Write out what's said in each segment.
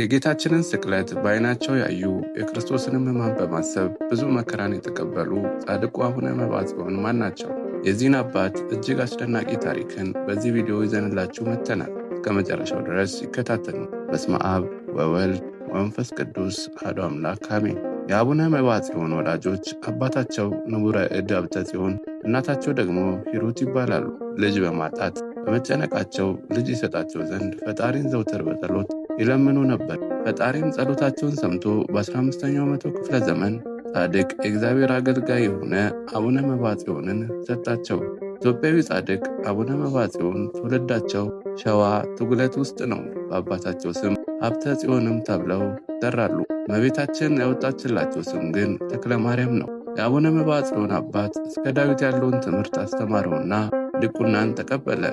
የጌታችንን ስቅለት በዓይናቸው ያዩ የክርስቶስንም ሕማም በማሰብ ብዙ መከራን የተቀበሉ ጻድቁ አቡነ መብዓ ጽዮን ማን ናቸው? የዚህን አባት እጅግ አስደናቂ ታሪክን በዚህ ቪዲዮ ይዘንላችሁ መጥተናል። እስከ መጨረሻው ድረስ ይከታተሉ። በስመ አብ ወወልድ ወመንፈስ ቅዱስ አሐዱ አምላክ አሜን። የአቡነ መብዓ ጽዮን ወላጆች አባታቸው ንቡረ እድ አብተ ጽዮን፣ እናታቸው ደግሞ ሂሩት ይባላሉ። ልጅ በማጣት በመጨነቃቸው ልጅ ይሰጣቸው ዘንድ ፈጣሪን ዘውትር በጸሎት ይለምኑ ነበር። ፈጣሪም ጸሎታቸውን ሰምቶ በ15ኛው መቶ ክፍለ ዘመን ጻድቅ የእግዚአብሔር አገልጋይ የሆነ አቡነ መባጽዮንን ሰጣቸው። ኢትዮጵያዊ ጻድቅ አቡነ መባጽዮን ትውልዳቸው ሸዋ ትጉለት ውስጥ ነው። በአባታቸው ስም ሀብተ ጽዮንም ተብለው ይጠራሉ። መቤታችን ያወጣችላቸው ስም ግን ተክለ ማርያም ነው። የአቡነ መባጽዮን አባት እስከ ዳዊት ያለውን ትምህርት አስተማረውና ድቁናን ተቀበለ።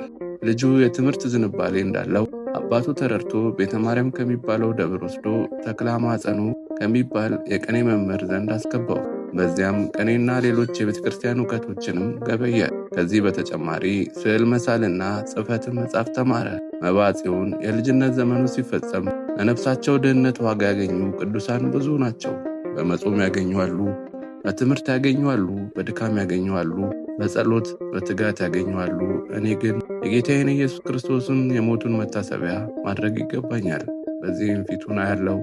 ልጁ የትምህርት ዝንባሌ እንዳለው አባቱ ተረድቶ ቤተ ማርያም ከሚባለው ደብር ወስዶ ተክላ ማጸኑ ከሚባል የቅኔ መምህር ዘንድ አስገባው። በዚያም ቅኔና ሌሎች የቤተ ክርስቲያን እውቀቶችንም ገበየ። ከዚህ በተጨማሪ ስዕል መሳልና ጽሕፈትን መጻፍ ተማረ። መባፂውን የልጅነት ዘመኑ ሲፈጸም ለነፍሳቸው ድህነት ዋጋ ያገኙ ቅዱሳን ብዙ ናቸው። በመጾም ያገኙአሉ፣ በትምህርት ያገኙአሉ፣ በድካም ያገኙአሉ፣ በጸሎት በትጋት ያገኙአሉ። እኔ ግን የጌታዬን ኢየሱስ ክርስቶስን የሞቱን መታሰቢያ ማድረግ ይገባኛል። በዚህም ፊቱን አያለው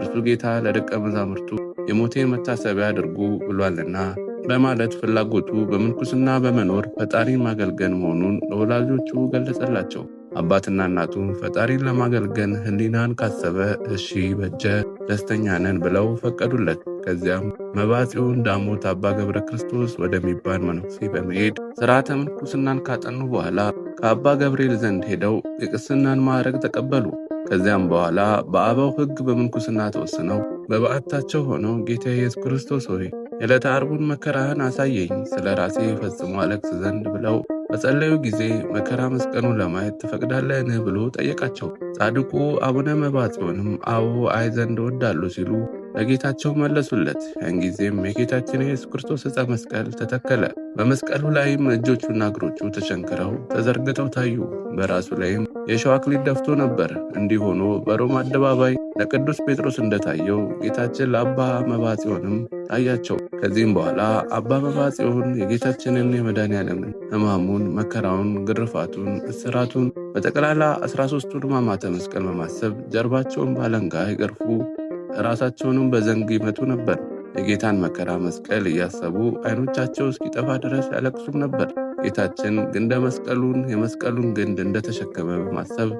እርሱ ጌታ ለደቀ መዛሙርቱ የሞቴን መታሰቢያ አድርጉ ብሏልና በማለት ፍላጎቱ በምንኩስና በመኖር ፈጣሪን ማገልገን መሆኑን ለወላጆቹ ገለጸላቸው። አባትና እናቱም ፈጣሪን ለማገልገን ሕሊናን ካሰበ እሺ በጀ ደስተኛ ነን ብለው ፈቀዱለት። ከዚያም መባፂውን ዳሞት አባ ገብረ ክርስቶስ ወደሚባል መነኩሴ በመሄድ ስርዓተ ምንኩስናን ካጠኑ በኋላ ከአባ ገብርኤል ዘንድ ሄደው የቅስናን ማዕረግ ተቀበሉ። ከዚያም በኋላ በአበው ሕግ በምንኩስና ተወስነው በበዓታቸው ሆነው ጌታ ኢየሱስ ክርስቶስ ሆይ የዕለተ ዓርቡን መከራህን አሳየኝ፣ ስለ ራሴ ፈጽሞ አለቅስ ዘንድ ብለው በጸለዩ ጊዜ መከራ መስቀኑ ለማየት ትፈቅዳለህን ብሎ ጠየቃቸው። ጻድቁ አቡነ መብዓ ጽዮንም አዎ አይ ዘንድ እወዳለሁ ሲሉ ለጌታቸው መለሱለት። ያን ጊዜም የጌታችን የኢየሱስ ክርስቶስ ዕፀ መስቀል ተተከለ። በመስቀሉ ላይም እጆቹና እግሮቹ ተሸንክረው ተዘርግተው ታዩ። በራሱ ላይም የሸዋ አክሊል ደፍቶ ነበር። እንዲህ ሆኖ በሮም አደባባይ ለቅዱስ ጴጥሮስ እንደታየው ጌታችን ለአባ መባጽዮንም ታያቸው። ከዚህም በኋላ አባ መባጽዮን የጌታችንን የመድኃኔዓለምን ሕማሙን፣ መከራውን፣ ግርፋቱን፣ እስራቱን በጠቅላላ 13ቱን ሕማማተ መስቀል በማሰብ ጀርባቸውን ባለንጋ ይገርፉ ራሳቸውንም በዘንግ ይመቱ ነበር። የጌታን መከራ መስቀል እያሰቡ ዓይኖቻቸው እስኪጠፋ ድረስ ያለቅሱም ነበር። ጌታችን ግንደ መስቀሉን የመስቀሉን ግንድ እንደተሸከመ በማሰብ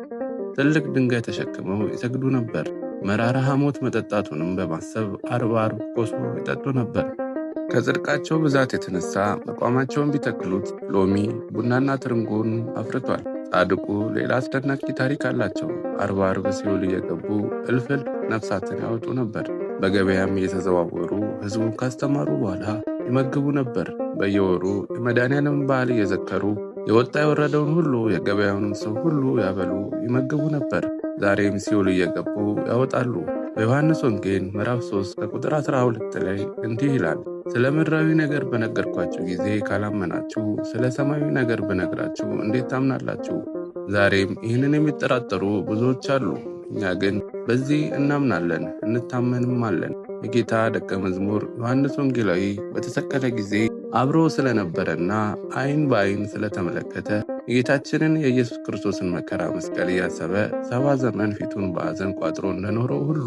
ትልቅ ድንጋይ ተሸክመው ይሰግዱ ነበር። መራራ ሐሞት መጠጣቱንም በማሰብ አርባ አርብ ቆስሎ ይጠጡ ነበር። ከጽድቃቸው ብዛት የተነሳ መቋማቸውን ቢተክሉት ሎሚ፣ ቡናና ትርንጎን አፍርቷል። ጻድቁ ሌላ አስደናቂ ታሪክ አላቸው። አርባ አርብ ሲውል እየገቡ እልፍ ነፍሳትን ያወጡ ነበር። በገበያም እየተዘዋወሩ ሕዝቡን ካስተማሩ በኋላ ይመግቡ ነበር። በየወሩ የመድኃኔዓለምን በዓል እየዘከሩ የወጣ የወረደውን ሁሉ የገበያውንም ሰው ሁሉ ያበሉ ይመግቡ ነበር። ዛሬም ሲውል እየገቡ ያወጣሉ። በዮሐንስ ወንጌል ምዕራፍ 3 ከቁጥር 12 ላይ እንዲህ ይላል ስለ ምድራዊ ነገር በነገርኳችሁ ጊዜ ካላመናችሁ፣ ስለ ሰማያዊ ነገር በነግራችሁ እንዴት ታምናላችሁ? ዛሬም ይህንን የሚጠራጠሩ ብዙዎች አሉ። እኛ ግን በዚህ እናምናለን እንታመንም አለን። የጌታ ደቀ መዝሙር ዮሐንስ ወንጌላዊ በተሰቀለ ጊዜ አብሮ ስለነበረና ዓይን በዓይን ስለተመለከተ የጌታችንን የኢየሱስ ክርስቶስን መከራ መስቀል እያሰበ ሰባ ዘመን ፊቱን በአዘን ቋጥሮ እንደኖረው ሁሉ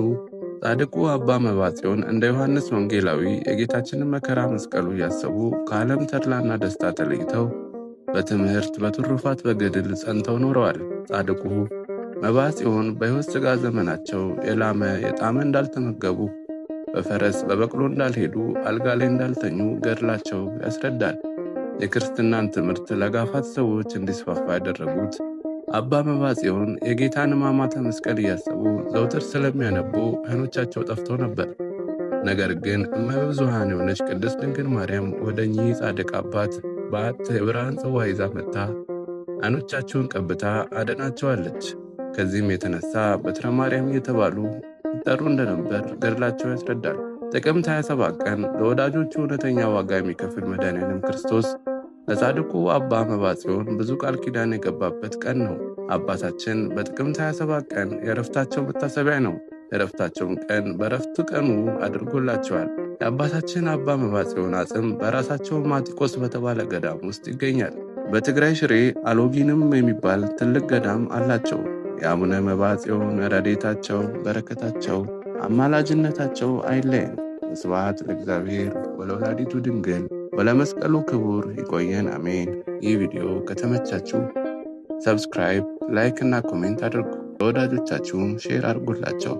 ጻድቁ አባ መባጽዮን እንደ ዮሐንስ ወንጌላዊ የጌታችንን መከራ መስቀሉ እያሰቡ ከዓለም ተድላና ደስታ ተለይተው በትምህርት በትሩፋት በገድል ጸንተው ኖረዋል። ጻድቁ መባጽዮን በሕይወት ሥጋ ዘመናቸው የላመ የጣመ እንዳልተመገቡ፣ በፈረስ በበቅሎ እንዳልሄዱ፣ አልጋ ላይ እንዳልተኙ ገድላቸው ያስረዳል። የክርስትናን ትምህርት ለጋፋት ሰዎች እንዲስፋፋ ያደረጉት አባ መባ ጽዮን የጌታን ሕማማተ መስቀል እያሰቡ ዘውትር ስለሚያነቡ ዓይኖቻቸው ጠፍቶ ነበር። ነገር ግን እመብዙሃን የሆነች ቅድስት ድንግል ማርያም ወደ እኚህ ጻድቅ አባት በዓት የብርሃን ጽዋ ይዛ መጥታ ዓይኖቻቸውን ቀብታ አደናቸዋለች። ከዚህም የተነሳ በትረ ማርያም እየተባሉ ይጠሩ እንደነበር ገድላቸው ያስረዳል። ጥቅምት 27 ቀን ለወዳጆቹ እውነተኛ ዋጋ የሚከፍል መድኃኒዓለም ክርስቶስ ለጻድቁ አባ መባጽዮን ብዙ ቃል ኪዳን የገባበት ቀን ነው። አባታችን በጥቅምት 27 ቀን የእረፍታቸው መታሰቢያ ነው። የእረፍታቸውን ቀን በእረፍቱ ቀኑ አድርጎላቸዋል። የአባታችን አባ መባጽዮን አጽም በራሳቸው ማጢቆስ በተባለ ገዳም ውስጥ ይገኛል። በትግራይ ሽሬ አሎጊንም የሚባል ትልቅ ገዳም አላቸው። የአቡነ መባጽዮን ረድኤታቸው፣ በረከታቸው፣ አማላጅነታቸው አይለየን። ስብሐት ለእግዚአብሔር ወለወላዲቱ ድንግል ወለመስቀሉ ክቡር ይቆየን። አሜን። ይህ ቪዲዮ ከተመቻችሁ ሰብስክራይብ፣ ላይክ እና ኮሜንት አድርጉ። ለወዳጆቻችሁም ሼር አድርጉላቸው።